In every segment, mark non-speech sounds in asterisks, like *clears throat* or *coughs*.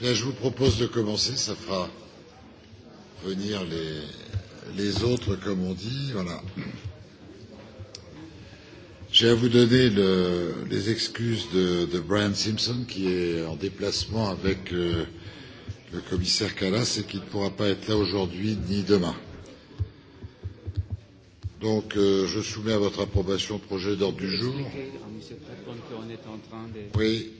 Bien, je vous propose de commencer, ça fera venir les, les autres, comme on dit. Voilà. J'ai à vous donner le, les excuses de, de Brian Simpson, qui est en déplacement avec euh, le commissaire Callas et qui ne pourra pas être là aujourd'hui ni demain. Donc, euh, je soumets à votre approbation le projet d'ordre du jour. Oui,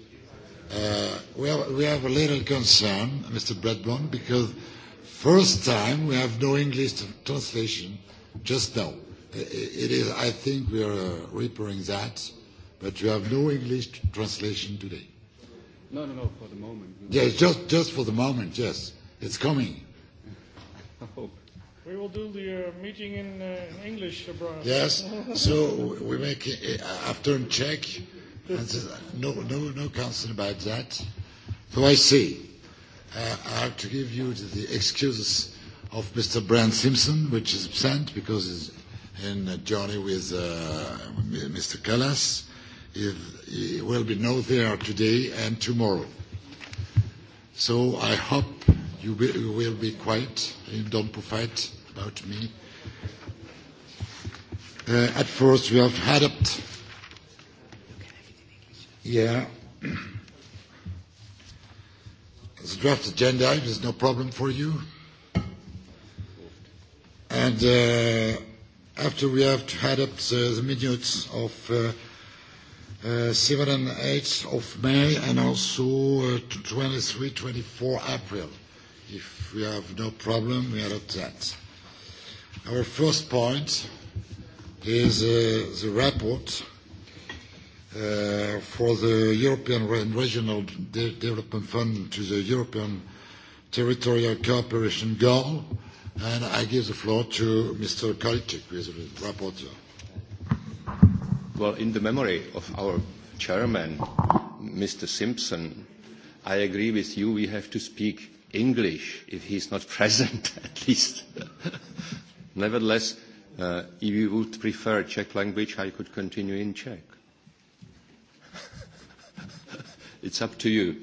Uh, we, have, we have a little concern, Mr. Bradburn, because first time we have no English translation just now. It is, I think we are uh, repairing that, but you have no English translation today. No, no, no, for the moment. Yes, just, just for the moment, yes. It's coming. *laughs* I hope. We will do the uh, meeting in uh, English, uh, Brian. Yes, *laughs* so we make, uh, after a check, Uh, no, no, no Councillor, about that. So I see, uh, I have to give you the excuses of Mr. Brand Simpson, which is absent because he's in a journey with uh, Mr. Callas. He will be no there today and tomorrow. So I hope you will, you will be quiet and don't fight about me. Uh, at first, we have had adopted Yeah. It's a draft agenda. There's no problem for you. And uh, after we have had up the, the minutes of uh, uh, 7 and 8 of May and also uh, 23, 24 April, if we have no problem, we adopt that. Our first point is uh, the report Uh, for the European and Regional De Development Fund to the European Territorial Cooperation Goal. And I give the floor to Mr. Kaltic, who is the rapporteur. Well, in the memory of our chairman, Mr. Simpson, I agree with you, we have to speak English if he's not *laughs* present, at least. *laughs* Nevertheless, uh, if you would prefer Czech language, I could continue in Czech. It's up to you.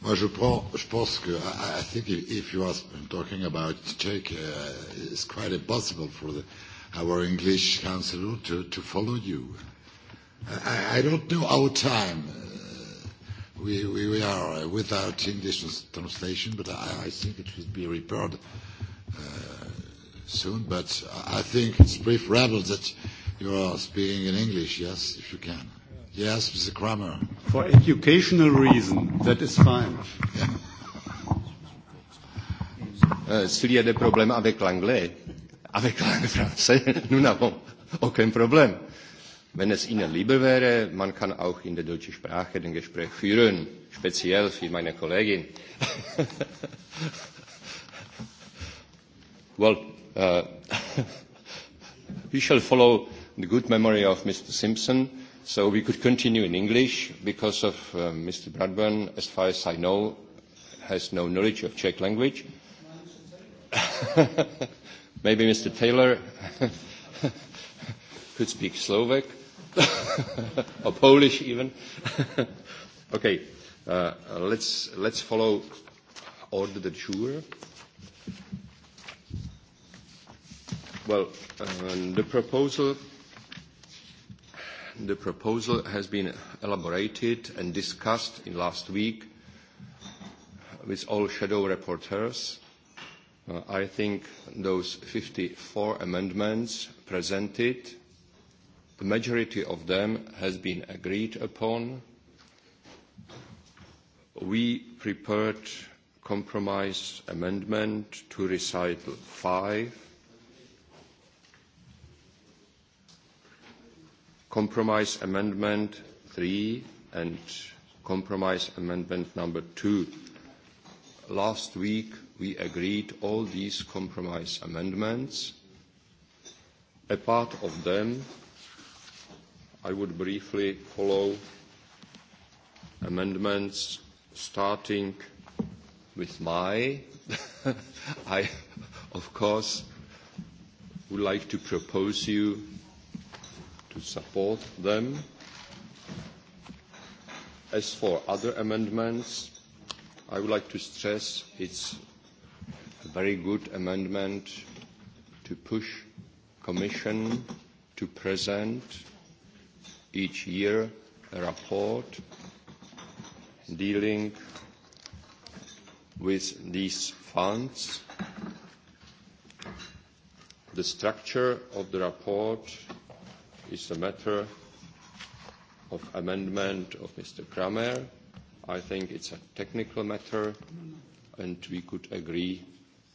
Moi, je, prends, je pense que I, I think if you are talking about Turkey, uh, it's quite impossible for the, our English councillor to, to follow you. I, I don't know our time. Uh, we, we, we are without English translation, but I, I think it should be repaired. Uh, soon, but I think it's brief rebel that you are speaking in English, yes, if you can. Yes, Mr. Kramer. For educational reason, that is fine. Yeah. Euh, s'il y a des problèmes avec l'anglais, avec le français, *laughs* nous n'avons aucun problème. Wenn es Ihnen lieber wäre, man kann auch in der deutschen Sprache den Gespräch führen, speziell für meine Kollegin. *laughs* well, Uh, *laughs* we shall follow the good memory of Mr. Simpson, so we could continue in English because of uh, Mr. Bradburn, as far as I know, has no knowledge of Czech language. *laughs* Maybe Mr. Taylor *laughs* could speak Slovak or Polish even. okay, uh, let's, let's follow order de jour. Well, um, the proposal the proposal has been elaborated and discussed in last week with all shadow reporters. Uh, I think those 54 amendments presented, the majority of them has been agreed upon. We prepared compromise amendment to recital five compromise amendment 3 and compromise amendment number 2. Last week, we agreed all these compromise amendments. A part of them I would briefly follow amendments starting with my. *laughs* I, of course, would like to propose you to support them. As for other amendments, I would like to stress it's a very good amendment to push Commission to present each year a report dealing with these funds. The structure of the report is a matter of amendment of Mr. Kramer. I think it's a technical matter, and we could agree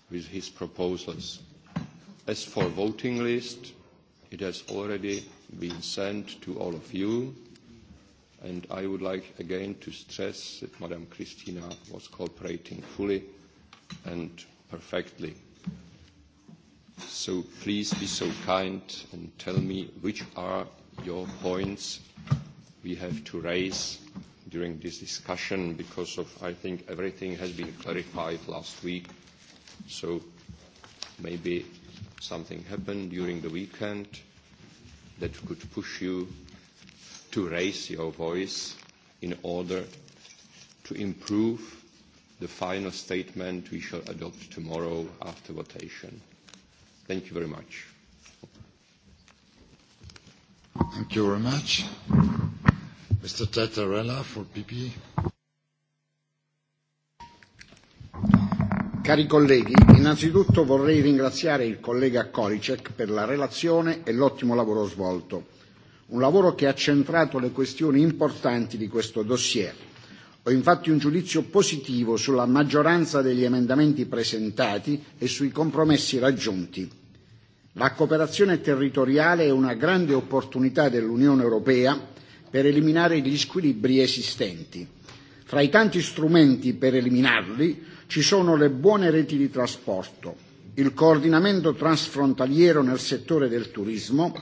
with his proposals. As for voting list, it has already been sent to all of you, and I would like again to stress that Madam Christina was cooperating fully and perfectly. So please be so kind and tell me which are your points we have to raise during this discussion because of, I think everything has been clarified last week. So maybe something happened during the weekend that could push you to raise your voice in order to improve the final statement we shall adopt tomorrow after votation. Thank you very much. Thank you very much. Mr. Tattarella for PP. Cari colleghi, innanzitutto vorrei ringraziare il collega Koricek per la relazione e l'ottimo lavoro svolto. Un lavoro che ha centrato le questioni importanti di questo dossier Ho infatti un giudizio positivo sulla maggioranza degli emendamenti presentati e sui compromessi raggiunti. La cooperazione territoriale è una grande opportunità dell'Unione Europea per eliminare gli squilibri esistenti. Fra i tanti strumenti per eliminarli ci sono le buone reti di trasporto, il coordinamento transfrontaliero nel settore del turismo,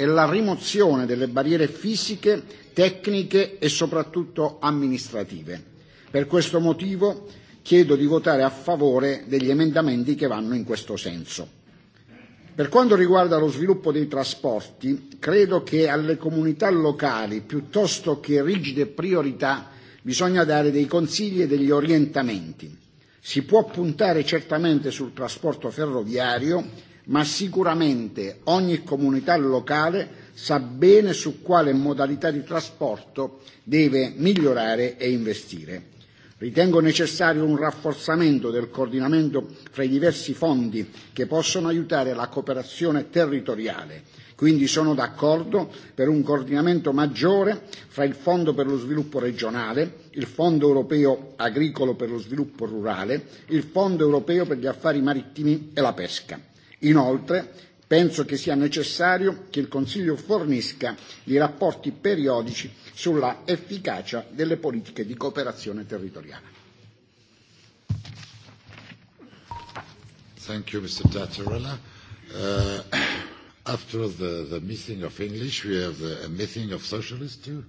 e la rimozione delle barriere fisiche, tecniche e soprattutto amministrative. Per questo motivo chiedo di votare a favore degli emendamenti che vanno in questo senso. Per quanto riguarda lo sviluppo dei trasporti, credo che alle comunità locali, piuttosto che rigide priorità, bisogna dare dei consigli e degli orientamenti. Si può puntare certamente sul trasporto ferroviario, ma sicuramente ogni comunità locale sa bene su quale modalità di trasporto deve migliorare e investire. Ritengo necessario un rafforzamento del coordinamento fra i diversi fondi che possono aiutare la cooperazione territoriale. Quindi sono d'accordo per un coordinamento maggiore fra il Fondo per lo sviluppo regionale, il Fondo europeo agricolo per lo sviluppo rurale, il Fondo europeo per gli affari marittimi e la pesca. Inoltre, penso che sia necessario che il Consiglio fornisca i rapporti periodici sulla efficacia delle politiche di cooperazione territoriale. Thank you, Mr. Uh, *coughs* after the, the meeting of English, we have a meeting of socialists too.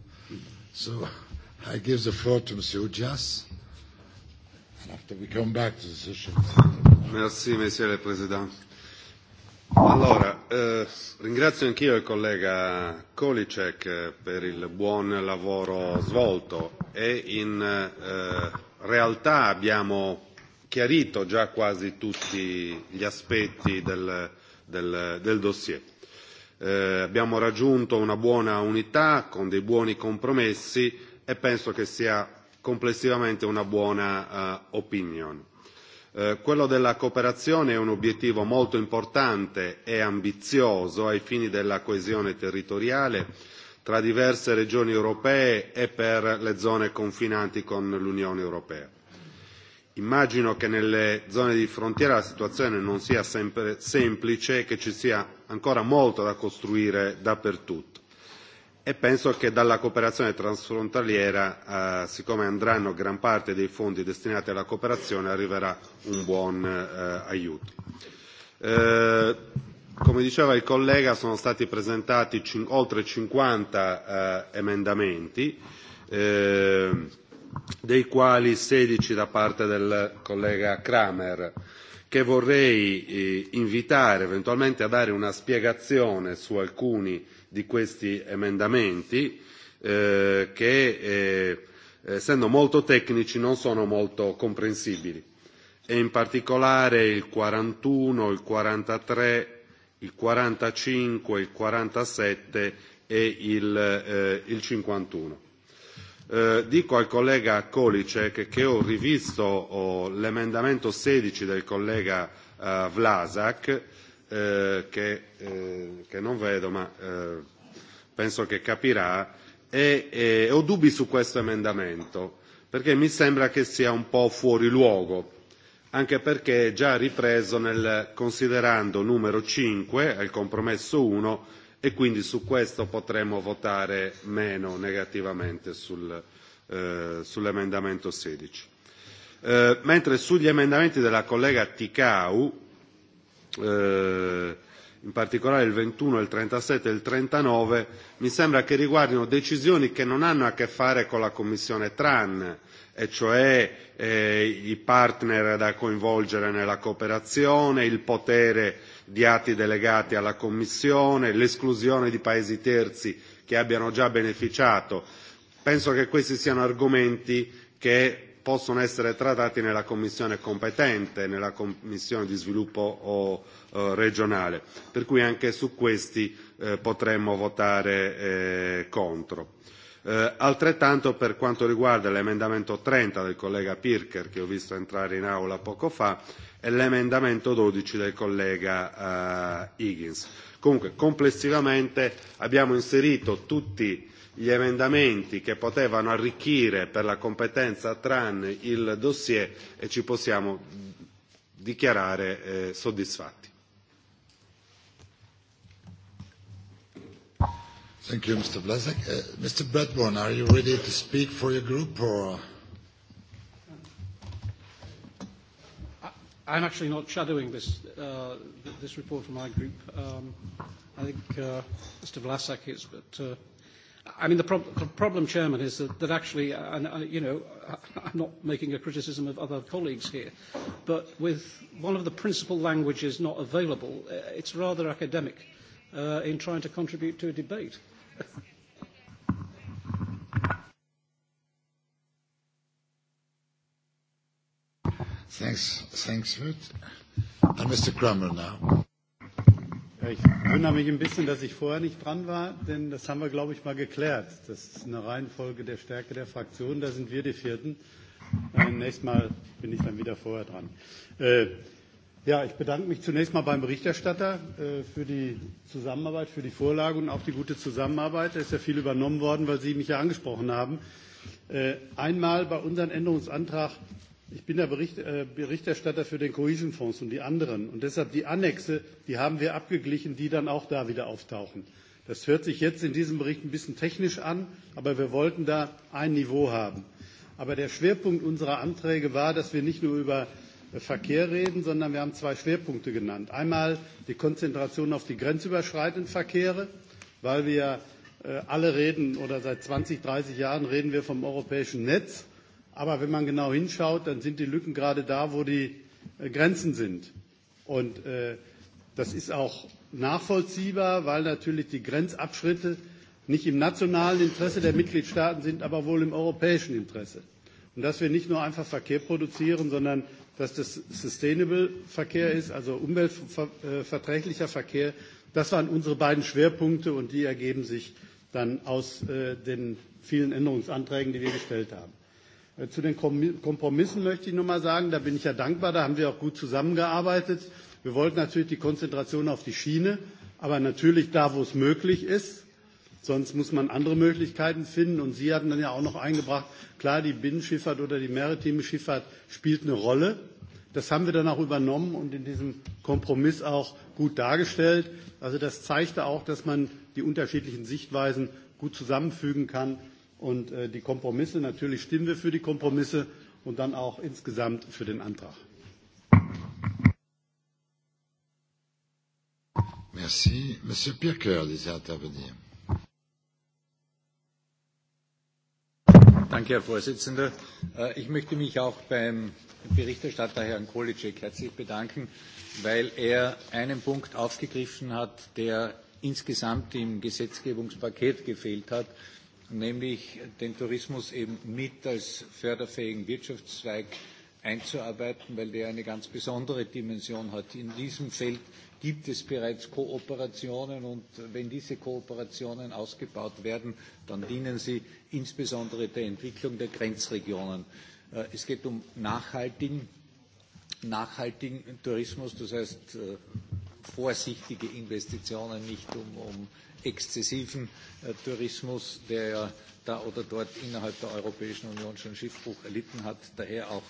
So I give the floor to Ujas, and after we come back to the Merci, Monsieur le Président. Eh, ringrazio anch'io il collega kohlek eh, per il buon lavoro svolto e in eh, realtà abbiamo chiarito già quasi tutti gli aspetti del, del, del dossier. Eh, abbiamo raggiunto una buona unità con dei buoni compromessi e penso che sia complessivamente una buona eh, opinione Eh, quello della cooperazione è un obiettivo molto importante e ambizioso ai fini della coesione territoriale tra diverse regioni europee e per le zone confinanti con l'Unione europea. Immagino che nelle zone di frontiera la situazione non sia sempre semplice e che ci sia ancora molto da costruire dappertutto e penso che dalla cooperazione transfrontaliera, eh, siccome andranno gran parte dei fondi destinati alla cooperazione, arriverà un buon eh, aiuto. Eh, come diceva il collega, sono stati presentati cin- oltre 50 eh, emendamenti, eh, dei quali 16 da parte del collega Kramer che vorrei eh, invitare eventualmente a dare una spiegazione su alcuni di questi emendamenti eh, che eh, essendo molto tecnici non sono molto comprensibili e in particolare il 41, il 43, il 45, il 47 e il, eh, il 51 eh, dico al collega kohlek che ho rivisto l'emendamento sedici del collega eh, Vlasak, eh, eh, che, non vedo ma eh, penso che capirà, e, e ho dubbi su questo emendamento perché mi sembra che sia un po' fuori luogo anche perché è già ripreso nel considerando numero cinque al compromesso uno e quindi su questo potremo votare meno negativamente sul, eh, sull'emendamento 16. Eh, mentre sugli emendamenti della collega Ticau, eh, in particolare il 21, il 37 e il 39, mi sembra che riguardino decisioni che non hanno a che fare con la Commissione TRAN, e cioè eh, i partner da coinvolgere nella cooperazione, il potere di atti delegati alla Commissione, l'esclusione di paesi terzi che abbiano già beneficiato. Penso che questi siano argomenti che possono essere trattati nella Commissione competente, nella Commissione di sviluppo o, eh, regionale, per cui anche su questi eh, potremmo votare eh, contro. Eh, altrettanto per quanto riguarda l'emendamento 30 del collega Pirker che ho visto entrare in aula poco fa e l'emendamento 12 del collega eh, Higgins. Comunque complessivamente abbiamo inserito tutti gli emendamenti che potevano arricchire per la competenza TRAN il dossier e ci possiamo dichiarare eh, soddisfatti. Thank you, Mr. Vlasic. Uh, Mr. Bradburn, are you ready to speak for your group or? I, I'm actually not shadowing this, uh, this report for my group. Um, I think uh, Mr. Vlasic is, but uh, I mean, the, prob- problem, Chairman, is that, that actually, and, uh, you know, *laughs* I'm not making a criticism of other colleagues here, but with one of the principal languages not available, uh, it's rather academic uh, in trying to contribute to a debate. Thanks, thanks, Ruth. And Mr. Kramer now. ich wundere mich ein bisschen, dass ich vorher nicht dran war, denn das haben wir, glaube ich, mal geklärt. Das ist eine Reihenfolge der Stärke der Fraktionen. da sind wir die Vierten. Äh, nächstes Mal bin ich dann wieder vorher dran. Äh, Ja, ich bedanke mich zunächst mal beim Berichterstatter äh, für die Zusammenarbeit, für die Vorlage und auch die gute Zusammenarbeit. Da ist ja viel übernommen worden, weil Sie mich ja angesprochen haben. Äh, einmal bei unserem Änderungsantrag, ich bin der Bericht, äh, Berichterstatter für den Cohesion-Fonds und die anderen. Und deshalb die Annexe, die haben wir abgeglichen, die dann auch da wieder auftauchen. Das hört sich jetzt in diesem Bericht ein bisschen technisch an, aber wir wollten da ein Niveau haben. Aber der Schwerpunkt unserer Anträge war, dass wir nicht nur über Verkehr reden, sondern wir haben zwei Schwerpunkte genannt. Einmal die Konzentration auf die grenzüberschreitenden Verkehre, weil wir äh, alle reden oder seit 20, 30 Jahren reden wir vom europäischen Netz. Aber wenn man genau hinschaut, dann sind die Lücken gerade da, wo die äh, Grenzen sind. Und äh, das ist auch nachvollziehbar, weil natürlich die Grenzabschritte nicht im nationalen Interesse der Mitgliedstaaten sind, aber wohl im europäischen Interesse. Und dass wir nicht nur einfach Verkehr produzieren, sondern dass das Sustainable Verkehr ist, also umweltverträglicher Verkehr. Das waren unsere beiden Schwerpunkte und die ergeben sich dann aus äh, den vielen Änderungsanträgen, die wir gestellt haben. Äh, zu den Kompromissen möchte ich noch mal sagen, da bin ich ja dankbar, da haben wir auch gut zusammengearbeitet. Wir wollten natürlich die Konzentration auf die Schiene, aber natürlich da, wo es möglich ist, Sonst muss man andere Möglichkeiten finden. Und Sie hatten dann ja auch noch eingebracht, klar, die Binnenschifffahrt oder die maritime Schifffahrt spielt eine Rolle. Das haben wir dann auch übernommen und in diesem Kompromiss auch gut dargestellt. Also das zeigte auch, dass man die unterschiedlichen Sichtweisen gut zusammenfügen kann. Und äh, die Kompromisse, natürlich stimmen wir für die Kompromisse und dann auch insgesamt für den Antrag. Merci. Monsieur Pirker, désire Danke, Herr Vorsitzender. Äh, ich möchte mich auch beim Berichterstatter, Herrn Kolicek, herzlich bedanken, weil er einen Punkt aufgegriffen hat, der insgesamt im Gesetzgebungspaket gefehlt hat, nämlich den Tourismus eben mit als förderfähigen Wirtschaftszweig einzuarbeiten, weil der eine ganz besondere Dimension hat. In diesem Feld gibt es bereits Kooperationen und wenn diese Kooperationen ausgebaut werden, dann dienen sie insbesondere der Entwicklung der Grenzregionen. Äh, es geht um nachhaltigen, nachhaltigen Tourismus, das heißt äh, vorsichtige Investitionen, nicht um, um exzessiven äh, Tourismus, der ja da oder dort innerhalb der Europäischen Union schon Schiffbruch erlitten hat. Daher auch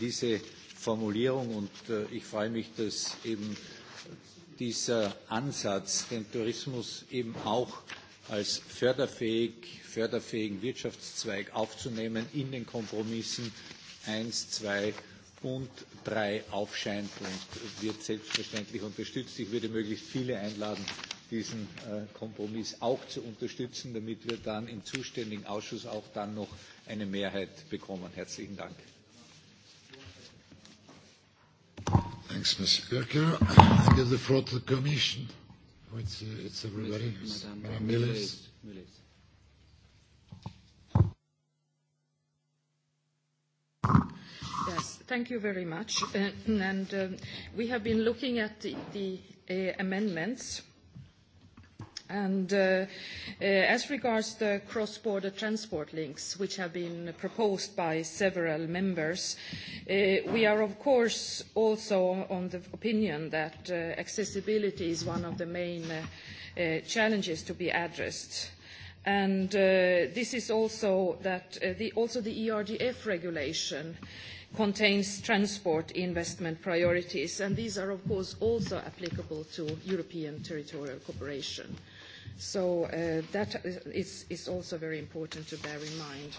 diese Formulierung. Und ich freue mich, dass eben dieser Ansatz, den Tourismus eben auch als förderfähig, förderfähigen Wirtschaftszweig aufzunehmen, in den Kompromissen 1, 2 und 3 aufscheint und wird selbstverständlich unterstützt. Ich würde möglichst viele einladen, diesen äh, Kompromiss auch zu unterstützen, damit wir dann im zuständigen Ausschuss auch dann noch eine Mehrheit bekommen. Herzlichen Dank. Thanks, Ms. Kirker. I give the floor to the Commission. Oh, it's, uh, it's everybody. Madame, Madame Millis. Yes, thank you very much. Uh, and um, we have been looking at the, the uh, amendments. And uh, uh, as regards the cross-border transport links, which have been proposed by several members, uh, we are of course also on the opinion that uh, accessibility is one of the main uh, uh, challenges to be addressed. And uh, this is also that uh, the, also the ERDF regulation contains transport investment priorities, and these are of course also applicable to European territorial cooperation. So uh, that is, is also very important to bear in mind.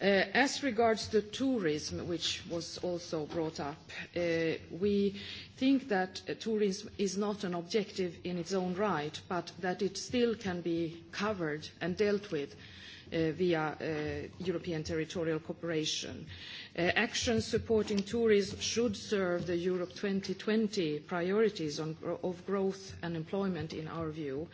Uh, as regards to tourism, which was also brought up, uh, we think that uh, tourism is not an objective in its own right, but that it still can be covered and dealt with uh, via uh, European territorial cooperation. Uh, Uh, actions supporting tourism should serve the Europe 2020 priorities on, of growth and employment, in our view.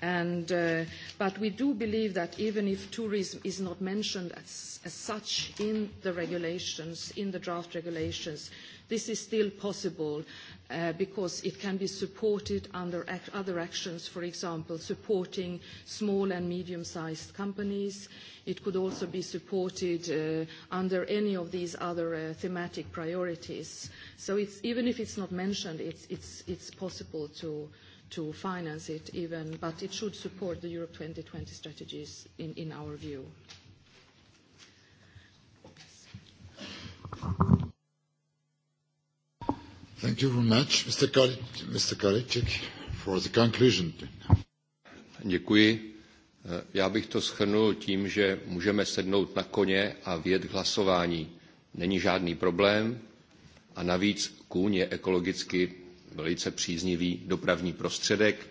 And, uh, but we do believe that even if tourism is not mentioned as, as, such in the regulations, in the draft regulations, This is still possible uh, because it can be supported under ac other actions, for example, supporting small and medium-sized companies. It could also be supported uh, under any of these other uh, thematic priorities. So it's, even if it's not mentioned, it's, it's, it's possible to, to finance it even, but it should support the Europe 2020 strategies in, in our view. Thank you very much, Mr. Kalic, Mr. Kaliček, for the conclusion. Děkuji. Já bych to schrnul tím, že můžeme sednout na koně a vjet k hlasování. Není žádný problém a navíc kůň je ekologicky velice příznivý dopravní prostředek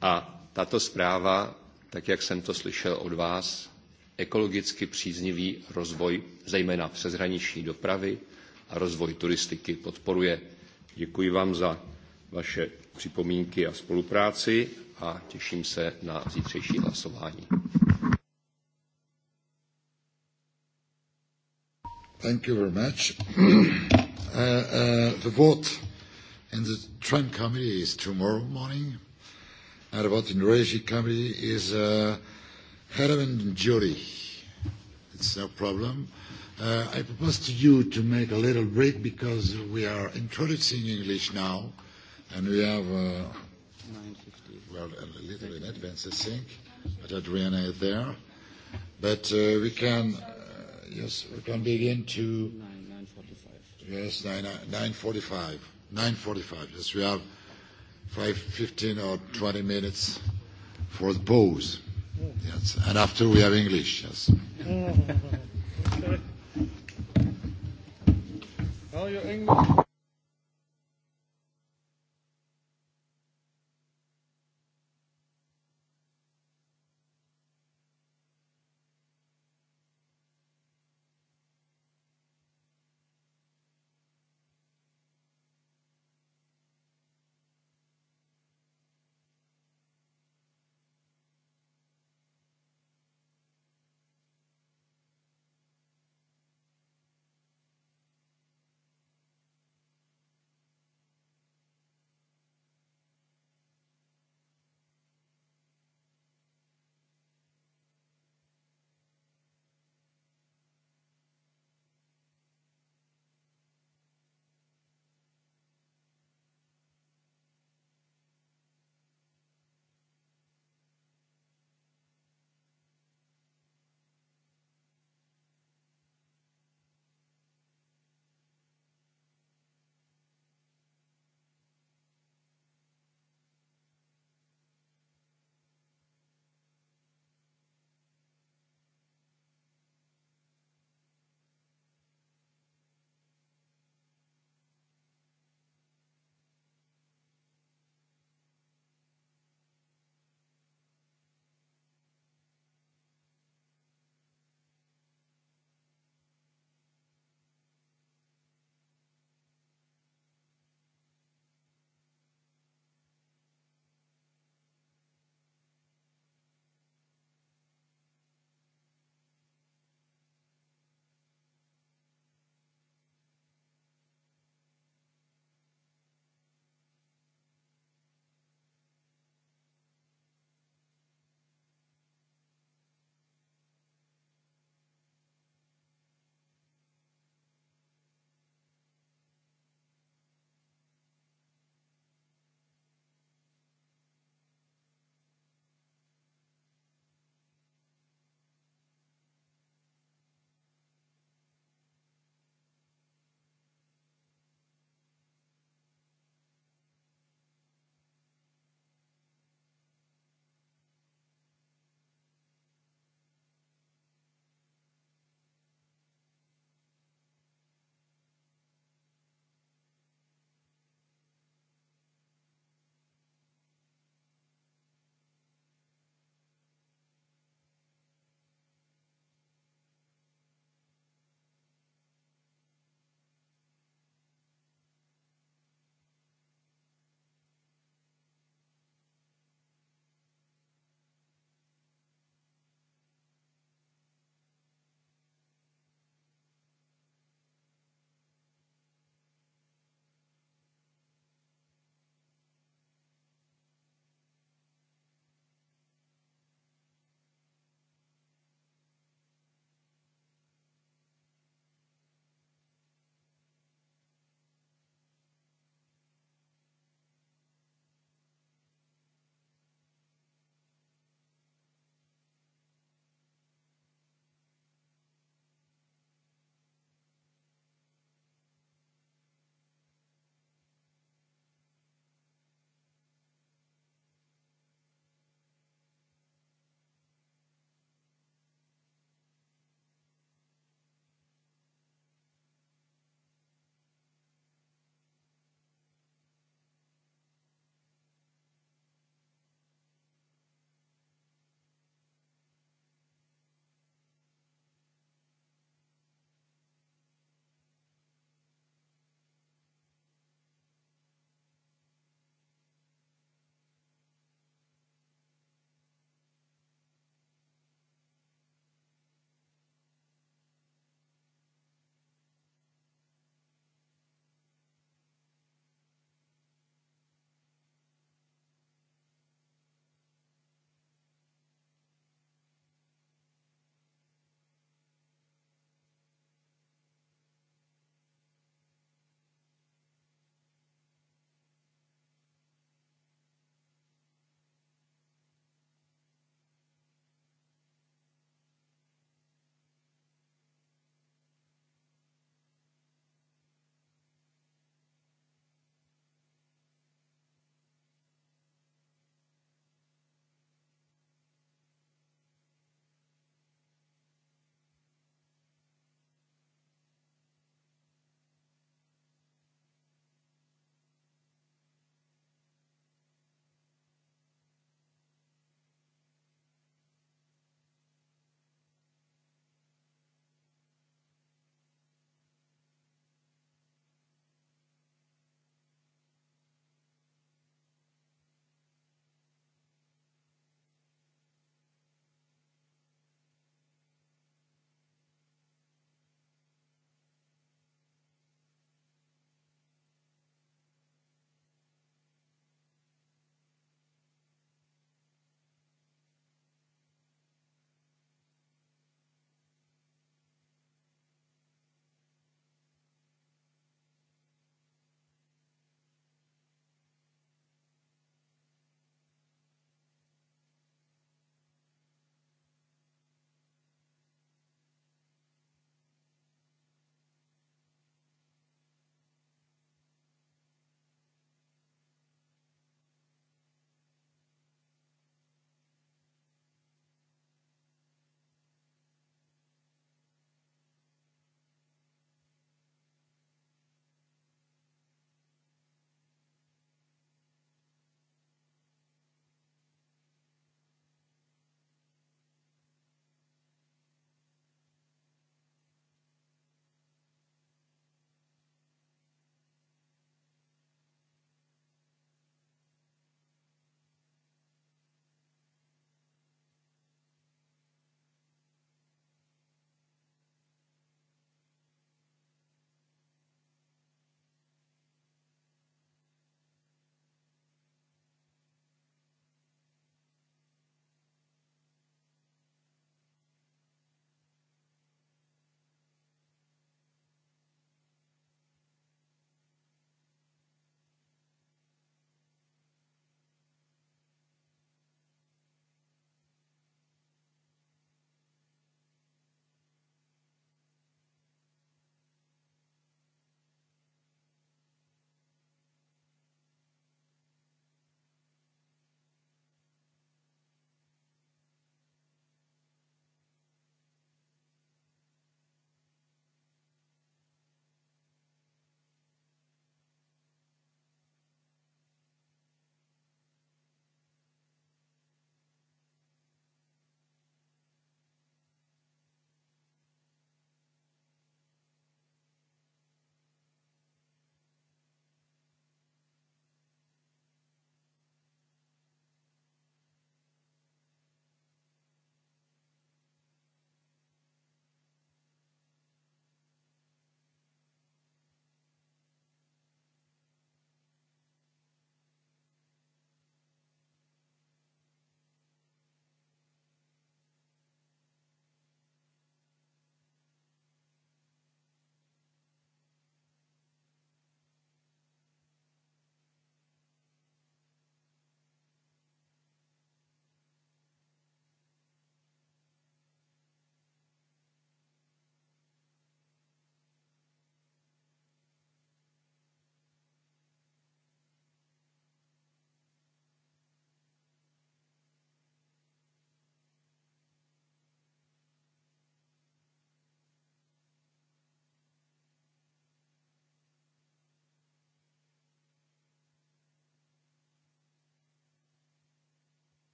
a tato zpráva, tak jak jsem to slyšel od vás, ekologicky příznivý rozvoj, zejména přeshraniční dopravy a rozvoj turistiky podporuje. Děkuji vám za vaše připomínky a spolupráci a těším se na zítřejší hlasování. Thank you very much. *clears throat* uh, uh, the vote in the Trend Committee is tomorrow morning, and the vote in the Regi Committee is uh, Herman Jury. It's no problem. Uh, I propose to you to make a little break because we are introducing English now, and we have uh, well a little in advance, I think, but Adriana is there. But uh, we can uh, yes, we can begin to yes, nine 9:45 uh, forty-five, nine forty-five. Yes, we have five, fifteen or twenty minutes for the pause. Yes, and after we have English. Yes. *laughs* Hallja engem?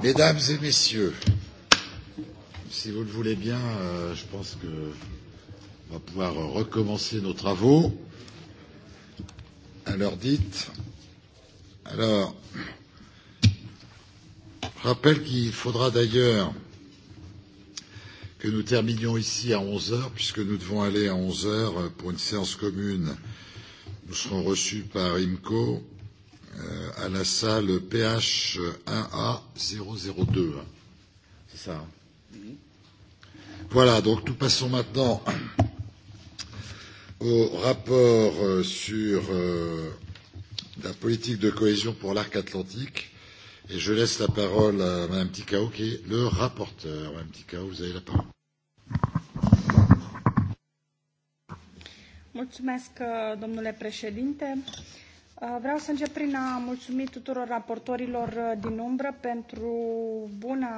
Mesdames et messieurs, si vous le voulez bien, euh, je pense que on va pouvoir recommencer nos travaux à l'heure dite. Alors, je rappelle qu'il faudra d'ailleurs que nous terminions ici à 11 heures, puisque nous devons aller à 11 heures pour une séance commune. Nous serons reçus par IMCO euh, à la salle PH1A002. C'est ça. Hein mm -hmm. Voilà, donc nous passons maintenant au rapport euh, sur euh, la politique de cohésion pour l'arc atlantique. Et je laisse la parole à Mme Ticao, qui est le rapporteur. Mme Ticao, vous avez la parole. Mulțumesc, domnule președinte. Uh, Uh, vreau să încep prin a mulțumi tuturor raportorilor uh, din umbră pentru buna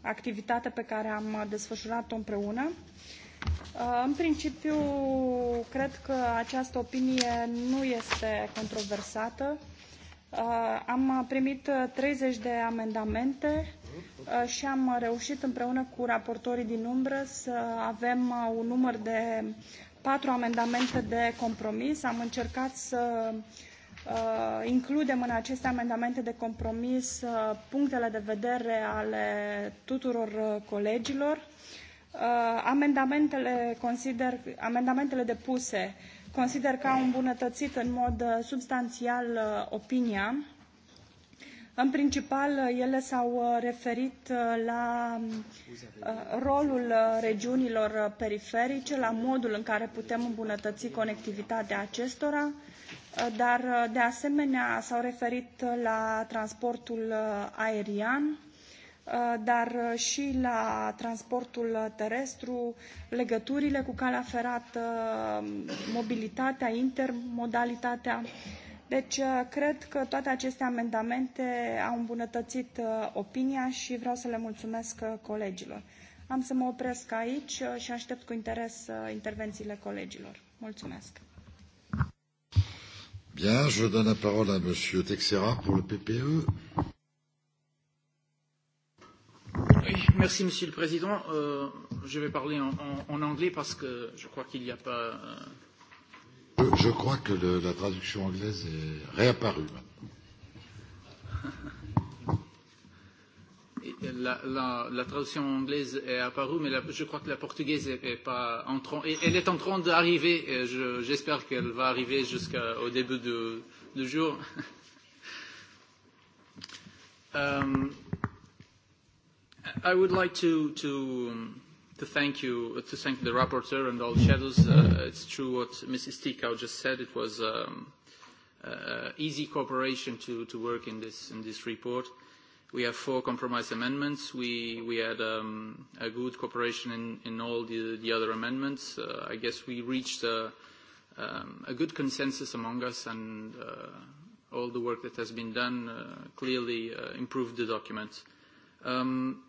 activitate pe care am uh, desfășurat-o împreună. În principiu, cred că această opinie nu este controversată. Am primit 30 de amendamente și am reușit împreună cu raportorii din umbră să avem un număr de patru amendamente de compromis. Am încercat să uh, Uh, includem în aceste amendamente de compromis uh, punctele de vedere ale tuturor uh, colegilor. Amendamentele, consider, amendamentele depuse consider că au îmbunătățit în mod substanțial opinia În principal, ele s-au uh, referit uh, la um, uh, rolul regiunilor periferice, la modul în care putem îmbunătăți conectivitatea acestora, dar de asemenea s-au referit la transportul aerian, dar și la transportul terestru, legăturile cu calea ferată, mobilitatea, intermodalitatea. Deci, uh, cred că toate aceste amendamente au îmbunătățit uh, opinia și vreau să le mulțumesc uh, colegilor. Am să mă opresc aici și aștept cu interes intervențiile colegilor. Mulțumesc. Bien, je donne la parole à Monsieur Texera pour le PPE. Oui, merci Monsieur le Président. Euh, je vais parler en, en, en anglais parce que je crois qu'il n'y a pas euh, Euh, je, crois que le, la traduction anglaise est réapparue maintenant. La, la, la traduction anglaise est apparue, mais la, je crois que la portugaise est, est pas en train. Elle est en train d'arriver. J'espère je, qu'elle va arriver jusqu'au début du, du jour. um, *laughs* I would like to, to um, to thank you, to thank the rapporteur and all the shadows. Uh, it's true what Mrs. Tikau just said. It was um, uh, easy cooperation to, to work in this, in this report. We have four compromise amendments. We, we had um, a good cooperation in, in all the, the other amendments. Uh, I guess we reached a, uh, um, a good consensus among us, and uh, all the work that has been done uh, clearly uh, improved the document. Um,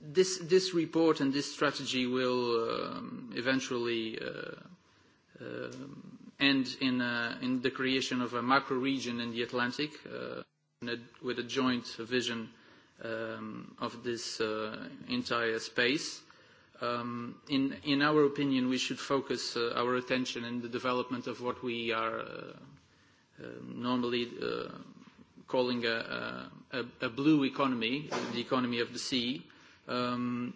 this, this report and this strategy will um, eventually uh, uh, end in, uh, in the creation of a macro-region in the Atlantic uh, a, with a joint vision um, of this uh, entire space. Um, in, in our opinion, we should focus uh, our attention in the development of what we are uh, uh, normally uh, calling a, a, a blue economy, the economy of the sea, uh, Um,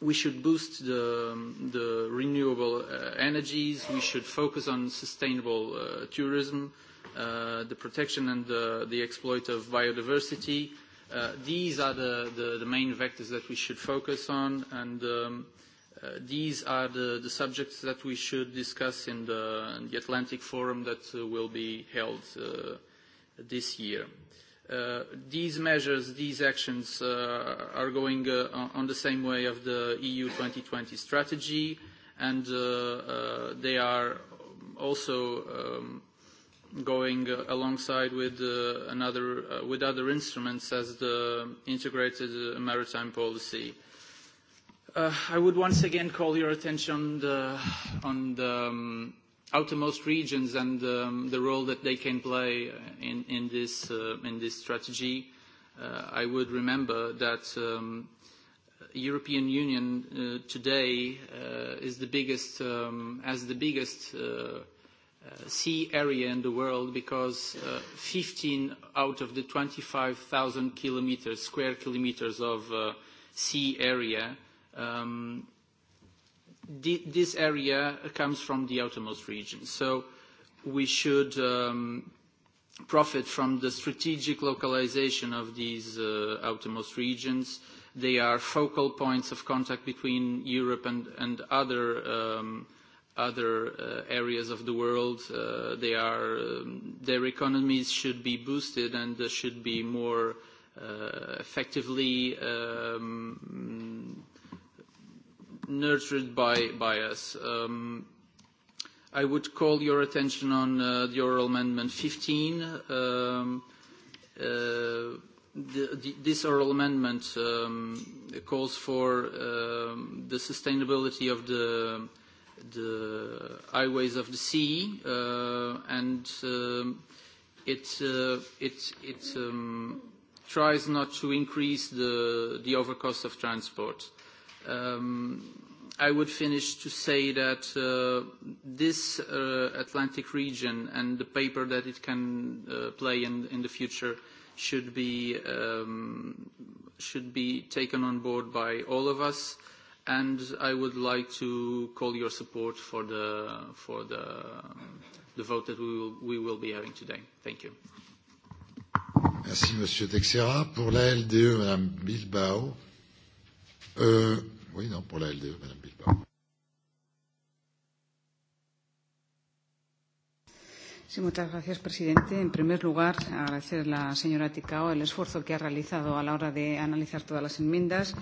we should boost the, um, the renewable uh, energies. We should focus on sustainable uh, tourism, uh, the protection and the, the exploit of biodiversity. Uh, these are the, the, the main vectors that we should focus on, and um, uh, these are the, the subjects that we should discuss in the, in the Atlantic Forum that uh, will be held uh, this year. Uh, Uh, these measures, these actions uh, are going uh, on the same way of the EU 2020 strategy, and uh, uh, they are also um, going alongside with, another, with other instruments as the integrated maritime policy. I would once again call your attention the, on the um, outermost regions and um, the role that they can play in, in, this, uh, in this strategy, uh, I would remember that um, European Union uh, today uh, is the biggest, um, as the biggest uh, uh, sea area in the world because uh, 15 out of the 25,000 kilometers, square kilometers of uh, sea area um, this area comes from the outermost region. So we should um, profit from the strategic localization of these uh, outermost regions. They are focal points of contact between Europe and, other, um, uh, areas of the world. Uh, um, their economies should be boosted and should be more effectively nurtured by, by us. Um, I would call your attention on uh, the oral amendment 15. Um, uh, the, the, this oral amendment um, calls for um, the sustainability of the, the highways of the sea, uh, and um, it, uh, it, it um, tries not to increase the, the overcost of transport. Uh, Um, I would finish to say that uh, this uh, Atlantic region and the paper that it can uh, play in, in the future should be, um, should be taken on board by all of us. And I would like to call your support for the, for the, the vote that we will, we will be having today. Thank you. Merci, Monsieur Texera. Pour la LDE, Madame Bilbao. Euh, oui, non, pour la LDE, Madame Bilba. Sí, muchas gracias, presidente. En primer lugar, agradecer a la señora Ticao el esfuerzo que ha realizado a la hora de analizar todas las enmiendas.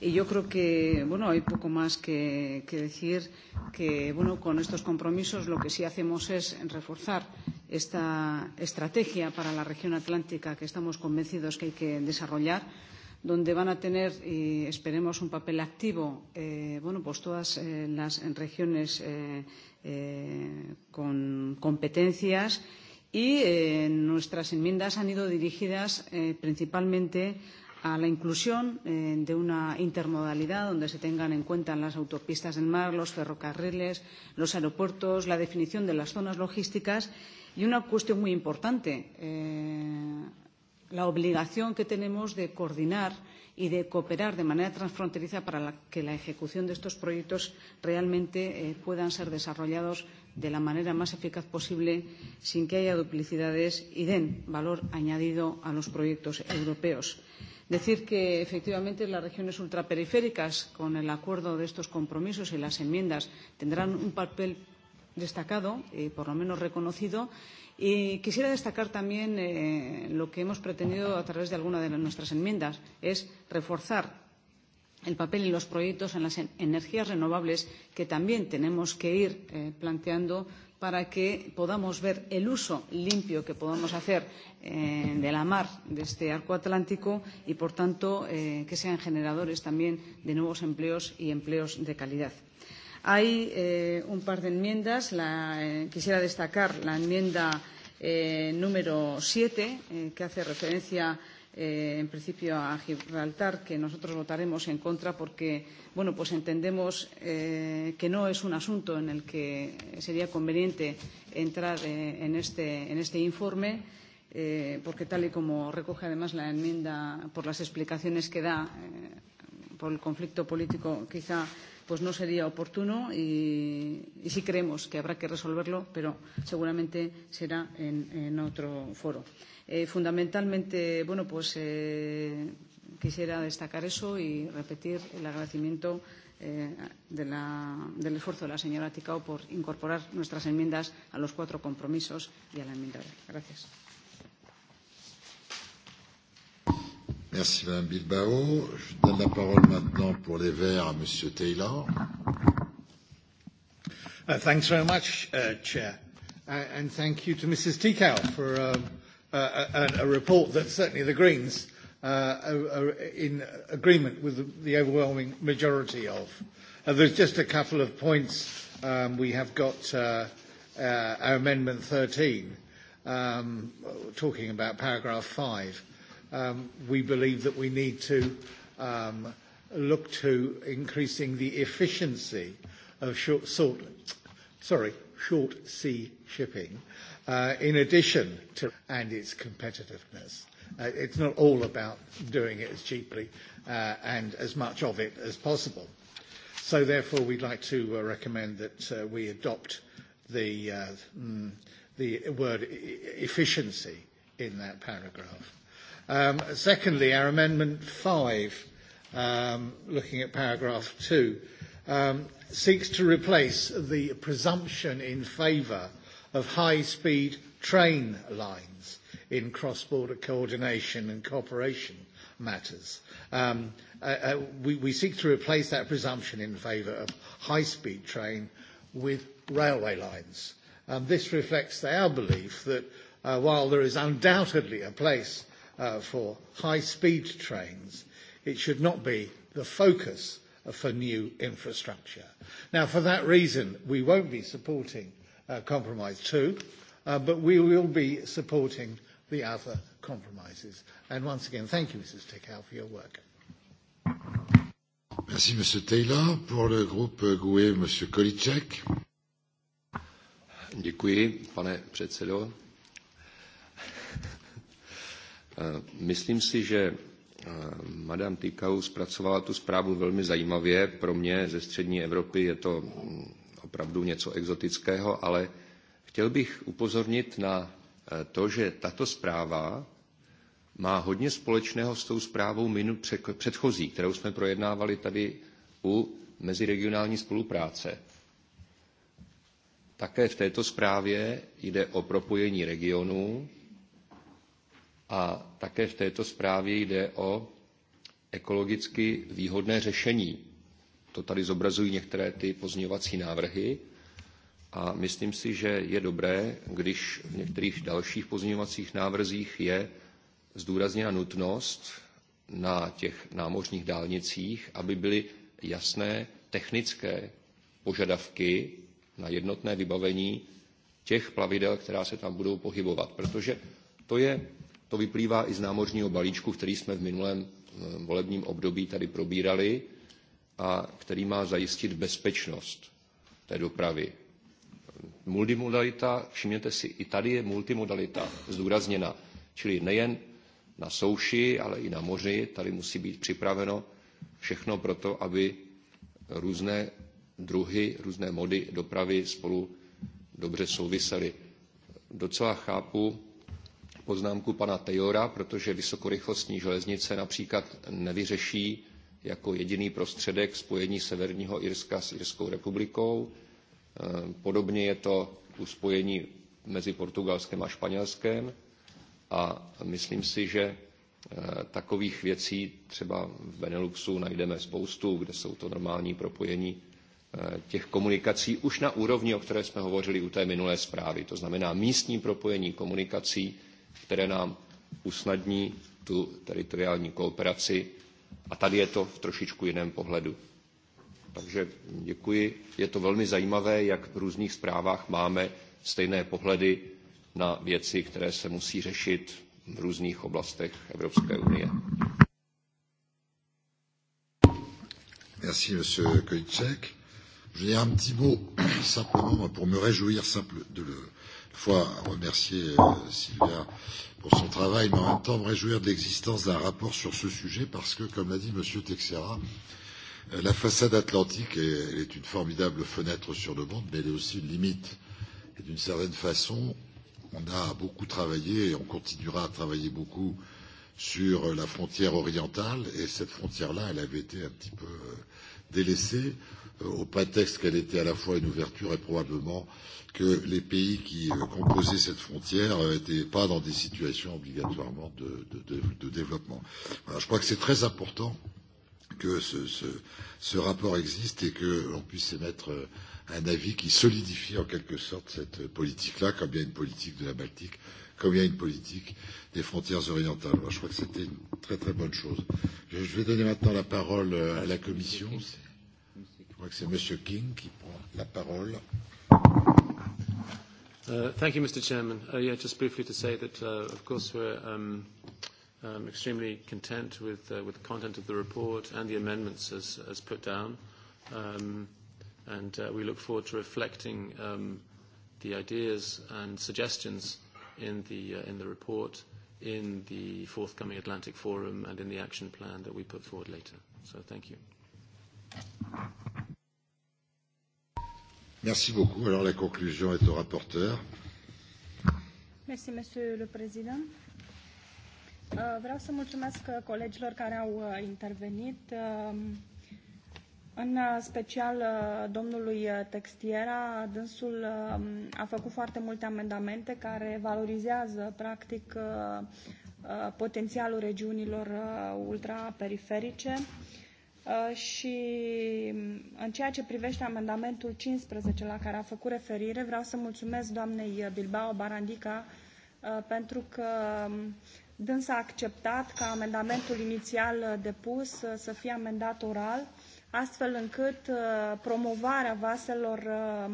Y yo creo que, bueno, hay poco más que, que decir que, bueno, con estos compromisos lo que sí hacemos es reforzar esta estrategia para la región atlántica que estamos convencidos que hay que desarrollar donde van a tener, y esperemos, un papel activo eh, bueno, pues todas eh, las regiones eh, eh, con competencias. Y eh, nuestras enmiendas han ido dirigidas eh, principalmente a la inclusión eh, de una intermodalidad donde se tengan en cuenta las autopistas del mar, los ferrocarriles, los aeropuertos, la definición de las zonas logísticas y una cuestión muy importante. Eh, la obligación que tenemos de coordinar y de cooperar de manera transfronteriza para la, que la ejecución de estos proyectos realmente eh, puedan ser desarrollados de la manera más eficaz posible sin que haya duplicidades y den valor añadido a los proyectos europeos. Decir que efectivamente las regiones ultraperiféricas, con el acuerdo de estos compromisos y las enmiendas, tendrán un papel destacado, y por lo menos reconocido. Y quisiera destacar también eh, lo que hemos pretendido a través de alguna de nuestras enmiendas, es reforzar el papel en los proyectos en las energías renovables que también tenemos que ir eh, planteando para que podamos ver el uso limpio que podamos hacer eh, de la mar, de este arco atlántico, y, por tanto, eh, que sean generadores también de nuevos empleos y empleos de calidad. Hay eh, un par de enmiendas. La, eh, quisiera destacar la enmienda eh, número 7, eh, que hace referencia eh, en principio a Gibraltar, que nosotros votaremos en contra porque bueno, pues entendemos eh, que no es un asunto en el que sería conveniente entrar eh, en, este, en este informe. Eh, porque tal y como recoge además la enmienda por las explicaciones que da eh, por el conflicto político quizá pues no sería oportuno y, y sí creemos que habrá que resolverlo, pero seguramente será en, en otro foro. Eh, fundamentalmente, bueno, pues eh, quisiera destacar eso y repetir el agradecimiento eh, de la, del esfuerzo de la señora Ticao por incorporar nuestras enmiendas a los cuatro compromisos y a la enmienda. Gracias. Merci Madame Bilbao. Je donne la parole maintenant pour les Verts à Monsieur Taylor. Uh, thanks very much, uh, Chair, uh, and thank you to Mrs. Tikau for um, uh, uh, a, a report that certainly the Greens uh, are, are in agreement with the, the overwhelming majority of. Uh, there's just a couple of points. Um, we have got uh, uh, our Amendment 13 um, talking about paragraph 5 Um, we believe that we need to um, look to increasing the efficiency of short, sea shipping, uh, in addition to and its competitiveness. Uh, it's not all about doing it as cheaply uh, and as much of it as possible. So therefore, we'd like to recommend that we adopt the mm, word e-, efficiency in that paragraph. Um, secondly, our Amendment 5, um, looking at paragraph 2, um, seeks to replace the presumption in favour of high-speed train lines in cross-border coordination and cooperation matters. Um, uh, uh, we, we seek to replace that presumption in favour of high-speed train with railway lines. Um, this reflects our belief that uh, while there is undoubtedly a place Uh, for high-speed trains, it should not be the focus for new infrastructure. Now, for that reason, we won't be supporting uh, Compromise 2, uh, but we will be supporting the other compromises. And once again, thank you, Mrs. Tickow, for your work. Merci, Monsieur Taylor. Pour le groupe GUE, Monsieur Kolicek. Děkuji, pane předsedo. Eh, myslím si, že eh, Madame Tikau zpracovala tu zprávu velmi zajímavě. Pro mě ze střední Evropy je to mm, opravdu něco exotického, ale chtěl bych upozornit na eh, to, že tato zpráva má hodně společného s tou zprávou minut předchozí, kterou jsme projednávali tady u meziregionální spolupráce. Také v této zprávě jde o propojení regionů, a také v této zprávě jde o ekologicky výhodné řešení. To tady zobrazují některé ty pozměňovací návrhy. A myslím si, že je dobré, když v některých dalších pozměňovacích návrzích je zdůrazněna nutnost na těch námořních dálnicích, aby byly jasné technické požadavky na jednotné vybavení těch plavidel, která se tam budou pohybovat. Protože to je To vyplývá i z námořního balíčku, který jsme v minulém eh, volebním období tady probírali a který má zajistit bezpečnost té dopravy. Multimodalita, všimněte si, i tady je multimodalita zdůrazněna, čili nejen na souši, ale i na moři. Tady musí být připraveno všechno pro to, aby různé druhy, různé mody dopravy spolu dobře souvisely. Docela chápu poznámku pana Tejora, protože vysokorychlostní železnice například nevyřeší jako jediný prostředek spojení Severního Irska s Irskou republikou. E, podobně je to u spojení mezi Portugalskem a Španělskem. A myslím si, že e, takových věcí třeba v Beneluxu najdeme spoustu, kde jsou to normální propojení e, těch komunikací už na úrovni, o které jsme hovořili u té minulé zprávy. To znamená místní propojení komunikací které nám usnadní tu teritoriální kooperaci. A tady je to v trošičku jiném pohledu. Takže děkuji. Je to velmi zajímavé, jak v různých zprávách máme stejné pohledy na věci, které se musí řešit v různých oblastech Evropské unie. Merci, Monsieur Koïtchek. Je vais un petit mot *coughs* simplement pour me réjouir simple de le, fois remercier euh, Sylvia pour son travail, mais en même temps me réjouir de l'existence d'un rapport sur ce sujet parce que, comme l'a dit M. Texera, euh, la façade atlantique est, elle est une formidable fenêtre sur le monde, mais elle est aussi une limite. Et d'une certaine façon, on a beaucoup travaillé et on continuera à travailler beaucoup sur la frontière orientale et cette frontière-là, elle avait été un petit peu euh, délaissée. Euh, au prétexte qu'elle était à la fois une ouverture et probablement que les pays qui euh, composaient cette frontière n'étaient euh, pas dans des situations obligatoirement de, de, de, de développement. Voilà, je crois que c'est très important que ce, ce, ce rapport existe et que l'on puisse émettre un avis qui solidifie en quelque sorte cette politique-là, comme il y a une politique de la Baltique, comme il y a une politique des frontières orientales. Moi, je crois que c'était une très très bonne chose. Je, je vais donner maintenant la parole à la Commission. Merci crois que c'est Monsieur King qui prend la parole. Uh, thank you, Mr. Chairman. Uh, yeah, just briefly to say that, uh, of course, we're um, um, extremely content with, uh, with the content of the report and the amendments as, as put down. Um, and uh, we look forward to reflecting um, the ideas and suggestions in the, uh, in the report, in the forthcoming Atlantic Forum, and in the action plan that we put forward later. So thank you. Merci beaucoup. Alors la conclusion est au rapporteur. Merci, Monsieur le Président. Uh, vreau să mulțumesc uh, colegilor care au uh, intervenit, um, în special domnului Textiera. Dânsul um, a făcut foarte multe amendamente care valorizează, practic, potențialul regiunilor ultraperiferice. periferice Uh, și mm, în ceea ce privește amendamentul 15 la care a făcut referire, vreau să mulțumesc doamnei uh, Bilbao Barandica uh, pentru că mm, dânsa a acceptat ca amendamentul inițial depus să fie amendat oral, astfel încât promovarea vaselor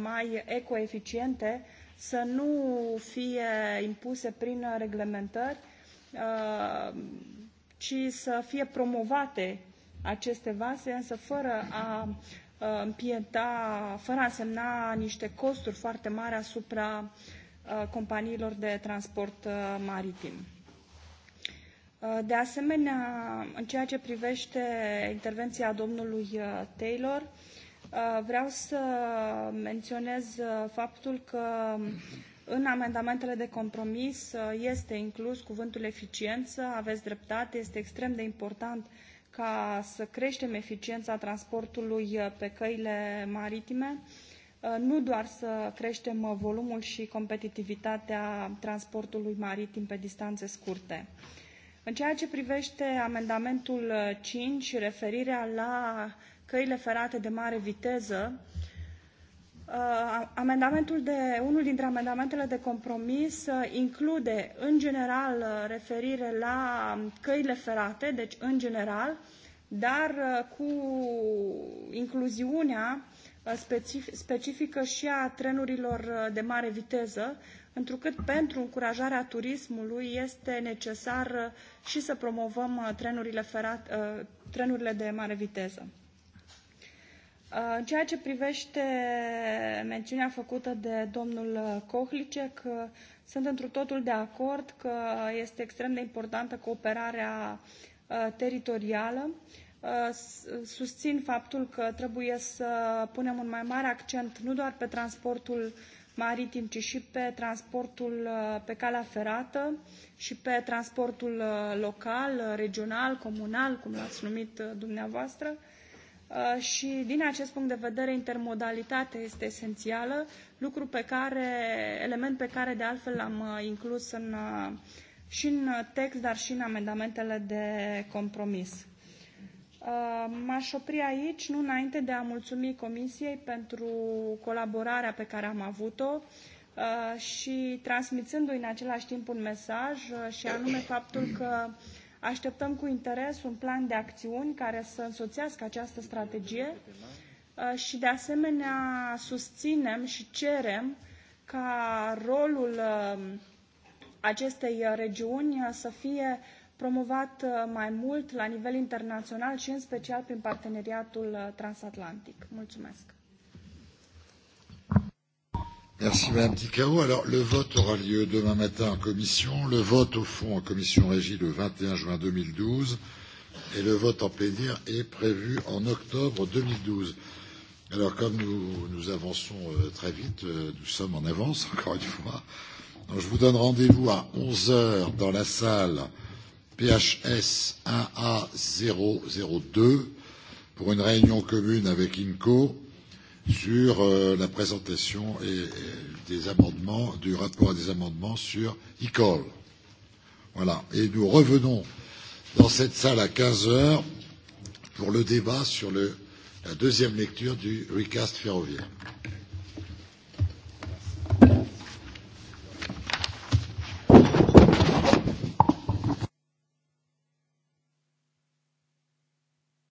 mai ecoeficiente să nu fie impuse prin reglementări, ci să fie promovate aceste vase, însă fără a împieta, fără a însemna niște costuri foarte mari asupra companiilor de transport maritim. De asemenea, în ceea ce privește intervenția domnului Taylor, vreau să menționez faptul că în amendamentele de compromis este inclus cuvântul eficiență, aveți dreptate, este extrem de important uh, ca să creștem eficiența transportului uh, pe căile maritime, uh, nu doar să creștem uh, volumul și competitivitatea transportului maritim pe distanțe scurte. În ceea ce privește amendamentul 5, referirea la căile ferate de mare viteză, Uh, amendamentul de, unul dintre amendamentele de compromis uh, include, în general, uh, referire la um, căile ferate, deci în general, dar cu incluziunea specifică și a trenurilor de mare viteză, întrucât pentru încurajarea turismului este necesar și să promovăm trenurile, ferat, trenurile de mare viteză. În ceea ce privește mențiunea făcută de domnul Kohlicek, sunt întru totul de acord că este extrem de importantă cooperarea uh, teritorială. Uh, susțin faptul că trebuie să punem un mai mare accent nu doar pe transportul maritim, ci și pe transportul uh, pe calea ferată și pe transportul local, regional, comunal, cum l-ați numit dumneavoastră. Uh, și din acest punct de vedere intermodalitatea este esențială, lucru pe care, element pe care de altfel l-am uh, inclus în, uh, și în text, dar și în amendamentele de compromis. M-aș opri aici, nu înainte de a mulțumi Comisiei pentru colaborarea pe care am avut-o și transmițându-i în același timp un mesaj și anume faptul că uh, Așteptăm cu interes un plan de acțiuni care să însoțească această strategie uh, și, de asemenea, susținem și cerem ca rolul um, acestei regiuni să fie promovat uh, mai mult la nivel internațional și în special prin parteneriatul uh, transatlantic. Mulțumesc! Merci Madame Ticao. Alors le vote aura lieu demain matin en commission, le vote au fond en commission régie le 21 juin 2012 et le vote en plénière est prévu en octobre 2012. Alors comme nous, nous avançons euh, très vite, euh, nous sommes en avance *laughs* encore une fois. Donc, je vous donne rendez-vous à 11h dans la salle PHS 1A002 pour une réunion commune avec INCO sur euh, la présentation et, des amendements, du rapport et des amendements sur ICOL. voilà. Et nous revenons dans cette salle à 15 heures pour le débat sur le, la deuxième lecture du recast ferroviaire.